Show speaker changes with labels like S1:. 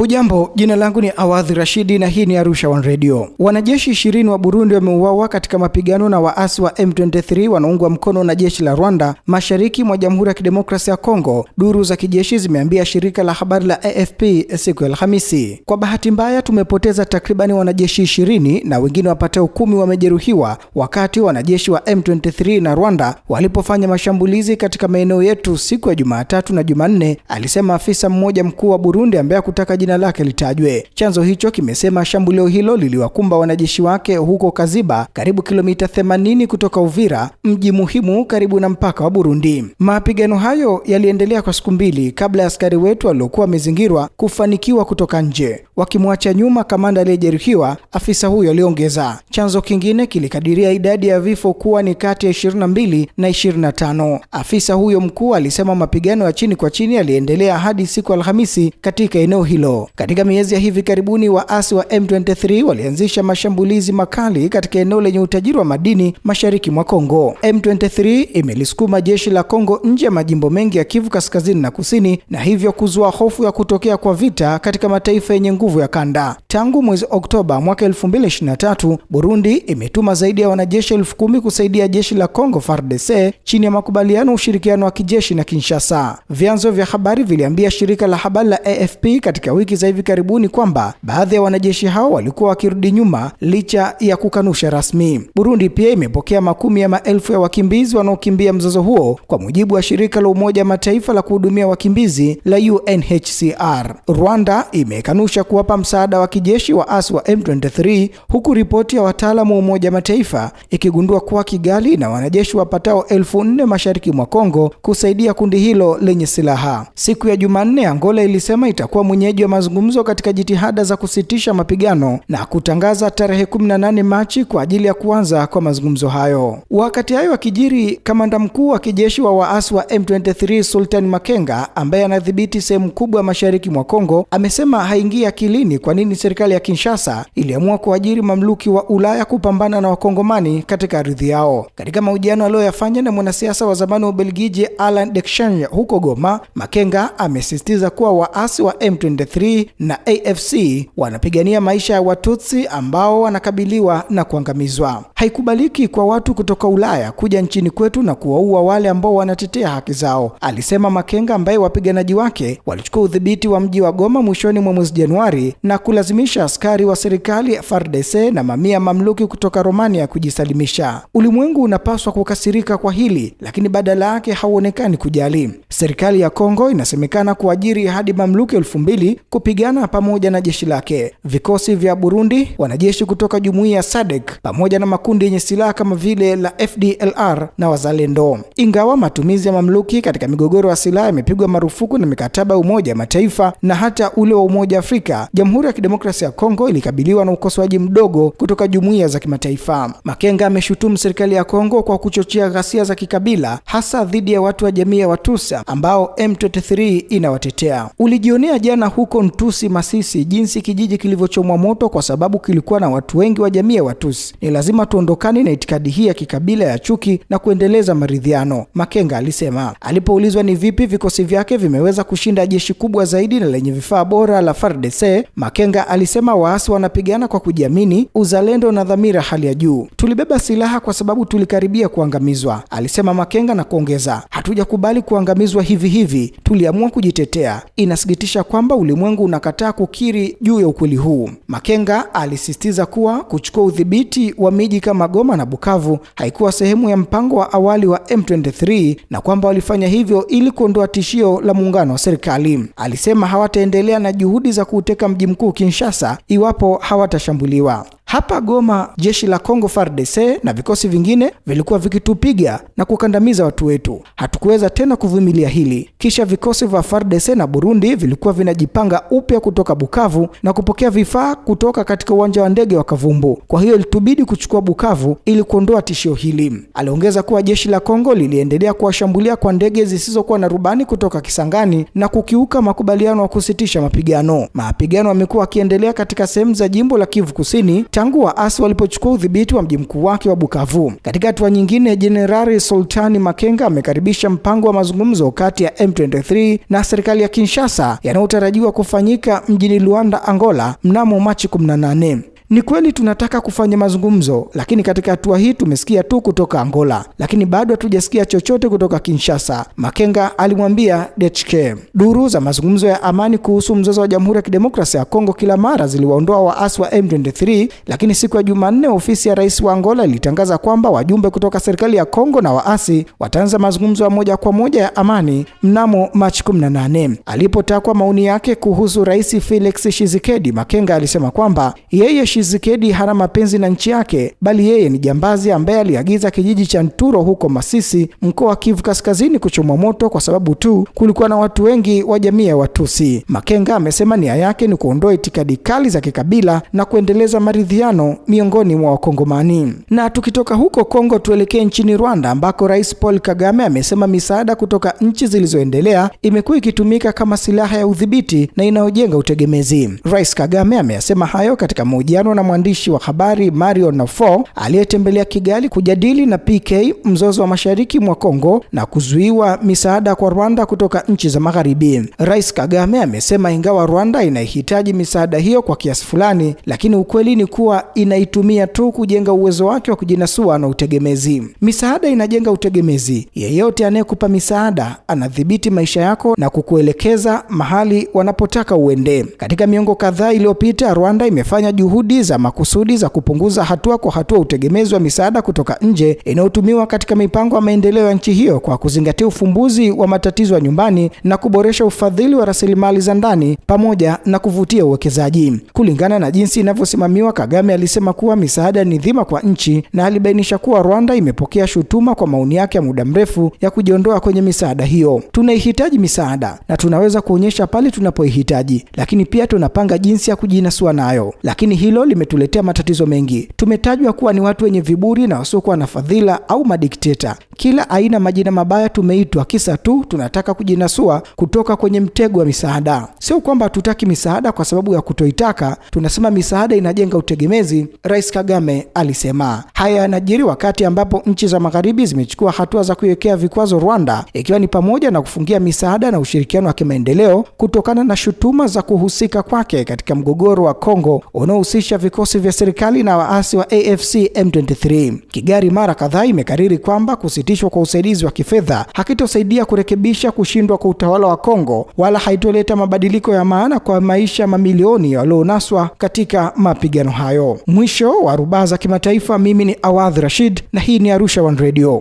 S1: Hujambo, jina langu ni Awadhi Rashidi na hii ni Arusha One Radio. Wanajeshi ishirini wa Burundi wameuawa katika mapigano na waasi wa M23 wanaungwa mkono na jeshi la Rwanda mashariki mwa Jamhuri ya Kidemokrasia ya Kongo, duru za kijeshi zimeambia shirika la habari la AFP siku ya Alhamisi. Kwa bahati mbaya, tumepoteza takribani wanajeshi ishirini na wengine wapatao kumi wamejeruhiwa wakati wanajeshi wa M23 na Rwanda walipofanya mashambulizi katika maeneo yetu siku ya Jumatatu na Jumanne, alisema afisa mmoja mkuu wa Burundi ambaye hakutaka jina jina lake litajwe. Chanzo hicho kimesema shambulio hilo liliwakumba wanajeshi wake huko Kaziba, karibu kilomita 80 kutoka Uvira, mji muhimu karibu na mpaka wa Burundi. Mapigano hayo yaliendelea kwa siku mbili kabla ya askari wetu waliokuwa wamezingirwa kufanikiwa kutoka nje, wakimwacha nyuma kamanda aliyejeruhiwa, afisa huyo aliongeza. Chanzo kingine kilikadiria idadi ya vifo kuwa ni kati ya 22 na 25. Afisa huyo mkuu alisema mapigano ya chini kwa chini yaliendelea hadi siku Alhamisi katika eneo hilo. Katika miezi ya hivi karibuni, waasi wa M23 walianzisha mashambulizi makali katika eneo lenye utajiri wa madini mashariki mwa Kongo. M23 imelisukuma jeshi la Kongo nje ya majimbo mengi ya Kivu kaskazini na kusini, na hivyo kuzua hofu ya kutokea kwa vita katika mataifa yenye nguvu ya kanda. Tangu mwezi Oktoba mwaka 2023, Burundi imetuma zaidi ya wanajeshi elfu kumi kusaidia jeshi la Kongo FARDC chini ya makubaliano ushirikiano wa kijeshi na Kinshasa. Vyanzo vya habari viliambia shirika la habari la AFP katika wiki za hivi karibuni kwamba baadhi ya wanajeshi hao walikuwa wakirudi nyuma licha ya kukanusha rasmi. Burundi pia imepokea makumi ya maelfu ya wakimbizi wanaokimbia mzozo huo kwa mujibu wa shirika la Umoja Mataifa la kuhudumia wakimbizi la UNHCR. Rwanda imekanusha kuwapa msaada wa kijeshi waasi wa M23 huku ripoti ya wataalamu wa Umoja Mataifa ikigundua kuwa Kigali na wanajeshi wapatao elfu nne mashariki mwa Kongo kusaidia kundi hilo lenye silaha. Siku ya Jumanne, Angola ilisema itakuwa mwenyeji wa mazungumzo katika jitihada za kusitisha mapigano na kutangaza tarehe 18 Machi kwa ajili ya kuanza kwa mazungumzo hayo. Wakati hayo akijiri, kamanda mkuu wa kijeshi wa waasi wa M23 sultan Makenga ambaye anadhibiti sehemu kubwa mashariki mwa Kongo amesema haingii akilini kwa nini serikali ya Kinshasa iliamua kuajiri mamluki wa Ulaya kupambana na wakongomani katika ardhi yao. Katika mahojiano aliyoyafanya na mwanasiasa wa zamani wa Ubelgiji alan Deschange huko Goma, Makenga amesisitiza kuwa waasi wa M23 23 na AFC wanapigania maisha ya Watutsi ambao wanakabiliwa na kuangamizwa. Haikubaliki kwa watu kutoka Ulaya kuja nchini kwetu na kuwaua wale ambao wanatetea haki zao, alisema Makenga, ambaye wapiganaji wake walichukua udhibiti wa mji wa Goma mwishoni mwa mwezi Januari na kulazimisha askari wa serikali FARDC na mamia mamluki kutoka Romania kujisalimisha. Ulimwengu unapaswa kukasirika kwa hili, lakini badala yake hauonekani kujali. Serikali ya Kongo inasemekana kuajiri hadi mamluki elfu mbili kupigana pamoja na jeshi lake. Vikosi vya Burundi, wanajeshi kutoka jumuiya ya SADC pamoja na makundi yenye silaha kama vile la FDLR na Wazalendo. Ingawa matumizi ya mamluki katika migogoro ya silaha yamepigwa marufuku na mikataba ya Umoja Mataifa na hata ule wa Umoja Afrika, Jamhuri ya Kidemokrasia ya Kongo ilikabiliwa na ukosoaji mdogo kutoka jumuiya za kimataifa. Makenga ameshutumu serikali ya Kongo kwa kuchochea ghasia za kikabila hasa dhidi ya watu wa jamii ya Watusa ambao M23 inawatetea. Ulijionea jana huko Ntusi, Masisi, jinsi kijiji kilivyochomwa moto kwa sababu kilikuwa na watu wengi wa jamii ya Watusi. Ni lazima tuondokane na itikadi hii ya kikabila ya chuki na kuendeleza maridhiano, Makenga alisema. Alipoulizwa ni vipi vikosi vyake vimeweza kushinda jeshi kubwa zaidi na lenye vifaa bora la FARDC, Makenga alisema waasi wanapigana kwa kujiamini, uzalendo na dhamira hali ya juu. Tulibeba silaha kwa sababu tulikaribia kuangamizwa, alisema Makenga na kuongeza, hatujakubali kuangamizwa hivi hivi, tuliamua kujitetea. Inasikitisha kwamba ulimwengu ulimwengu unakataa kukiri juu ya ukweli huu. Makenga alisisitiza kuwa kuchukua udhibiti wa miji kama Goma na Bukavu haikuwa sehemu ya mpango wa awali wa M23 na kwamba walifanya hivyo ili kuondoa tishio la muungano wa serikali. Alisema hawataendelea na juhudi za kuuteka mji mkuu Kinshasa iwapo hawatashambuliwa. Hapa Goma, jeshi la Kongo FARDC na vikosi vingine vilikuwa vikitupiga na kukandamiza watu wetu. Hatukuweza tena kuvumilia hili. Kisha vikosi vya FARDC na Burundi vilikuwa vinajipanga upya kutoka Bukavu na kupokea vifaa kutoka katika uwanja wa ndege wa Kavumbu. Kwa hiyo ilitubidi kuchukua Bukavu ili kuondoa tishio hili. Aliongeza kuwa jeshi la Kongo liliendelea kuwashambulia kwa ndege zisizokuwa na rubani kutoka Kisangani na kukiuka makubaliano ya kusitisha mapigano. Mapigano yamekuwa yakiendelea katika sehemu za jimbo la Kivu Kusini tangu waasi walipochukua udhibiti wa mji mkuu wake wa Bukavu. Katika hatua nyingine, Jenerali Sultani Makenga amekaribisha mpango wa mazungumzo kati ya M23 na serikali ya Kinshasa yanayotarajiwa kufanyika mjini Luanda, Angola mnamo Machi 18. Ni kweli tunataka kufanya mazungumzo, lakini katika hatua hii tumesikia tu kutoka Angola, lakini bado hatujasikia chochote kutoka Kinshasa, Makenga alimwambia DHK. Duru za mazungumzo ya amani kuhusu mzozo wa Jamhuri ya Kidemokrasia ya Kongo kila mara ziliwaondoa waasi wa M23, lakini siku ya Jumanne ofisi ya rais wa Angola ilitangaza kwamba wajumbe kutoka serikali ya Kongo na waasi wataanza mazungumzo ya moja kwa moja ya amani mnamo Machi 18. Alipotakwa maoni yake kuhusu Rais Felix Tshisekedi, Makenga alisema kwamba yeye Tshisekedi hana mapenzi na nchi yake, bali yeye ni jambazi ambaye aliagiza kijiji cha Nturo huko Masisi, mkoa wa Kivu Kaskazini, kuchomwa moto kwa sababu tu kulikuwa na watu wengi wa jamii ya Watusi. Makenga amesema nia yake ni kuondoa itikadi kali za kikabila na kuendeleza maridhiano miongoni mwa Wakongomani. Na tukitoka huko Kongo tuelekee nchini Rwanda ambako Rais Paul Kagame amesema misaada kutoka nchi zilizoendelea imekuwa ikitumika kama silaha ya udhibiti na inayojenga utegemezi. Rais Kagame ameyasema hayo katika mahojiano mahojiano na mwandishi wa habari Mario Nafo aliyetembelea Kigali kujadili na PK mzozo wa mashariki mwa Kongo na kuzuiwa misaada kwa Rwanda kutoka nchi za magharibi. Rais Kagame amesema ingawa Rwanda inaihitaji misaada hiyo kwa kiasi fulani, lakini ukweli ni kuwa inaitumia tu kujenga uwezo wake wa kujinasua na utegemezi. Misaada inajenga utegemezi. Yeyote anayekupa misaada anadhibiti maisha yako na kukuelekeza mahali wanapotaka uende. Katika miongo kadhaa iliyopita, Rwanda imefanya juhudi kusisitiza makusudi za kupunguza hatua kwa hatua utegemezi wa misaada kutoka nje inayotumiwa katika mipango ya maendeleo ya nchi hiyo kwa kuzingatia ufumbuzi wa matatizo ya nyumbani na kuboresha ufadhili wa rasilimali za ndani pamoja na kuvutia uwekezaji. Kulingana na jinsi inavyosimamiwa, Kagame alisema kuwa misaada ni dhima kwa nchi na alibainisha kuwa Rwanda imepokea shutuma kwa maoni yake ya muda mrefu ya kujiondoa kwenye misaada hiyo. Tunaihitaji misaada na tunaweza kuonyesha pale tunapoihitaji, lakini pia tunapanga jinsi ya kujinasua nayo, lakini hilo limetuletea matatizo mengi. Tumetajwa kuwa ni watu wenye viburi na wasiokuwa na fadhila au madikteta. Kila aina majina mabaya tumeitwa, kisa tu tunataka kujinasua kutoka kwenye mtego wa misaada. Sio kwamba hatutaki misaada kwa sababu ya kutoitaka, tunasema misaada inajenga utegemezi, Rais Kagame alisema. Haya yanajiri wakati ambapo nchi za magharibi zimechukua hatua za kuiwekea vikwazo Rwanda, ikiwa ni pamoja na kufungia misaada na ushirikiano wa kimaendeleo kutokana na shutuma za kuhusika kwake katika mgogoro wa Kongo unaohusisha kuunganisha vikosi vya serikali na waasi wa AFC M23. Kigari mara kadhaa imekariri kwamba kusitishwa kwa usaidizi wa kifedha hakitosaidia kurekebisha kushindwa kwa utawala wa Kongo wala haitoleta mabadiliko ya maana kwa maisha mamilioni walionaswa katika mapigano hayo. Mwisho wa rubaa za kimataifa, mimi ni Awadh Rashid na hii ni Arusha One Radio.